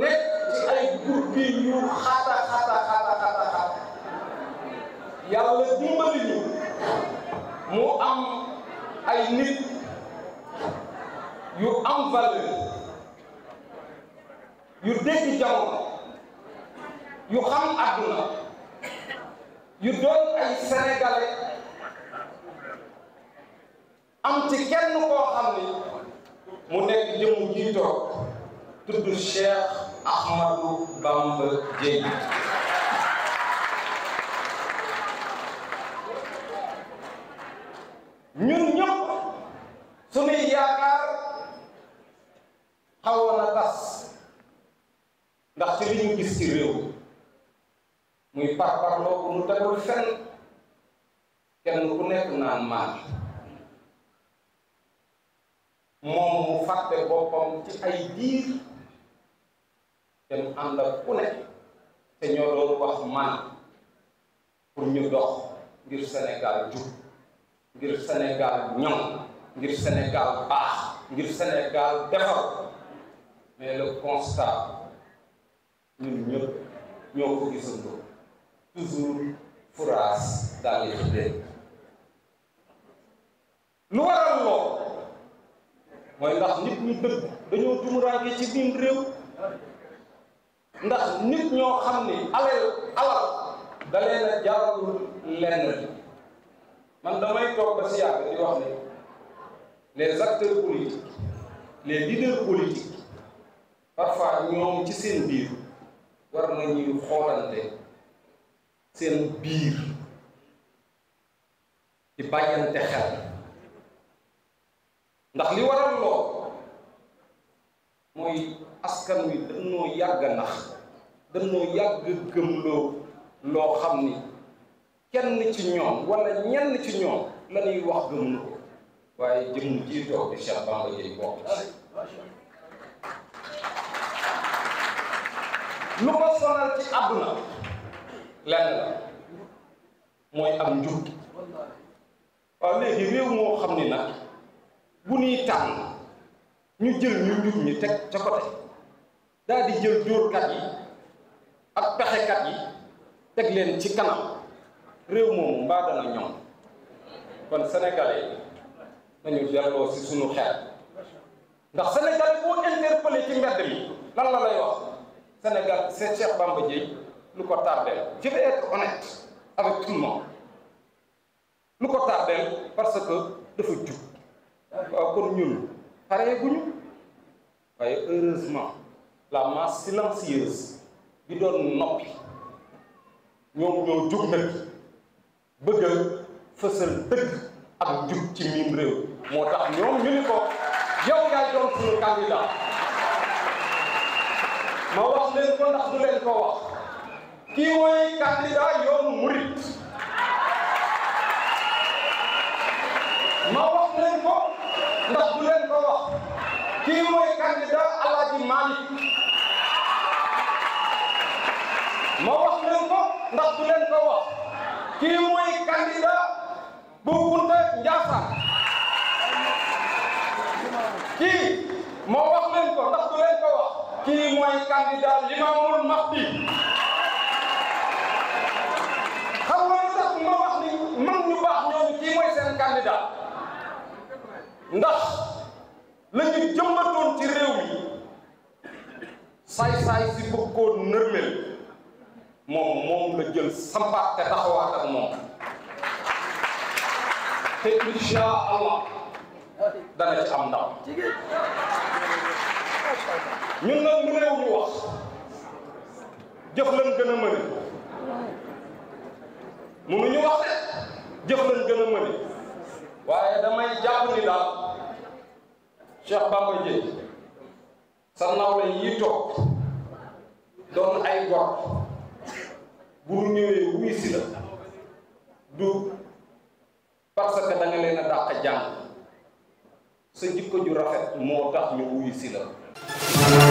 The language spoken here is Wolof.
nekk ci ay gurpi yu xata xata xata xata xata yàlla ñu mu am ay nit yu am valeur yu dégg jamono yu xam àdduna yu doon ay sénégalais am ci kenn koo xam ni mu nekk jëmu jiitoog tudd Cheikh Ahmadou Bamba Dieng ñun ñëpp suñuy yaakaar xawoon na tas ndax ci li ñu gis ci réew muy parparloo bu mu tegul fenn kenn ku nekk naan maan moom mu fàtte boppam ci ay diir te mu ànd ak ku ne te ñoo doon man pour ñu dox ngir Sénégal jub ngir Sénégal ñoŋ ngir senegal baax ngir Sénégal defar mais le constat ñun ñëpp ñoo ko gisandoo toujours fourage dans les idées lu waral lool mooy ndax nit ñu dëgg dañoo ci biir réew ndax nit ñoo xam ni alal alal da leen a jaralul lenn man damay toog ba si yàgg di wax ne les acteurs politiques les leaders politiques parfois ñoom ci seen biir war nañuy xoolante seen biir di bàyyante xel ndax li waral lool mooy askan wi dañoo yàgg a nax dañoo yàgg gëmloo loo xam ni kenn ci ñoom wala ñenn ci ñoom la ñuy wax gëmlu waaye jëm ji toog di Cheikh Bamba Dieye bokk lu ko sonal ci àdduna lenn la mooy am njub waaw léegi réew moo xam ni nag bu ñuy tànn ñu jël ñu njub ñi teg ca côté daal di jël dóorkat yi ak pexekat yi teg leen ci kanam réew moomu mbaa dana ñoom kon sénégalais nañu delloo si sunu xel ndax sénégalais boo interpellé ci mbedd mi lan la la wax Sénégal c'est Cheikh Bamba Dièye lu ko tardeel je vais être avec tout lu ko tardeel parce que dafa jub waaw kon ñun paree guñu waaye heureusement la masse silencieuse bi doon noppi ñoom ñoo jug nag bëgg a fësal ak jug ci miim réew moo tax ñoom ñu ko yow yaay doon suñu candidat ma wax leen ko ndax du leen ko wax kii mooy candidat yoonu murit kii mooy candidat Alaaji Malick ma wax leen ko ndax du leen ko wax kii mooy candidat bu Kunta Njaasaan kii ma wax leen ko ndax du leen ko wax kii mooy candidat Limaamul Mahdi xam nga lu tax ma wax ni mag ñu baax ñooñu kii mooy seen candidat ndax la ñu jëmbatoon ci réew mi saay-saay si bëgg koo nërmel moom moom la jël te taxawaat ak moom te insha allah dana ci ndaw ñun nag lu réew wax jëf lañ gën a mën mënuñu wax jëf lañ gën a mën waaye damay jàpp ni daal Cheikh Bamba Dièye sa nawle yi toog doon ay gor bu ñëwee wuy si la du parce que da nga leen a dàq jàng sa jikko ju rafet moo tax ñu wuy si la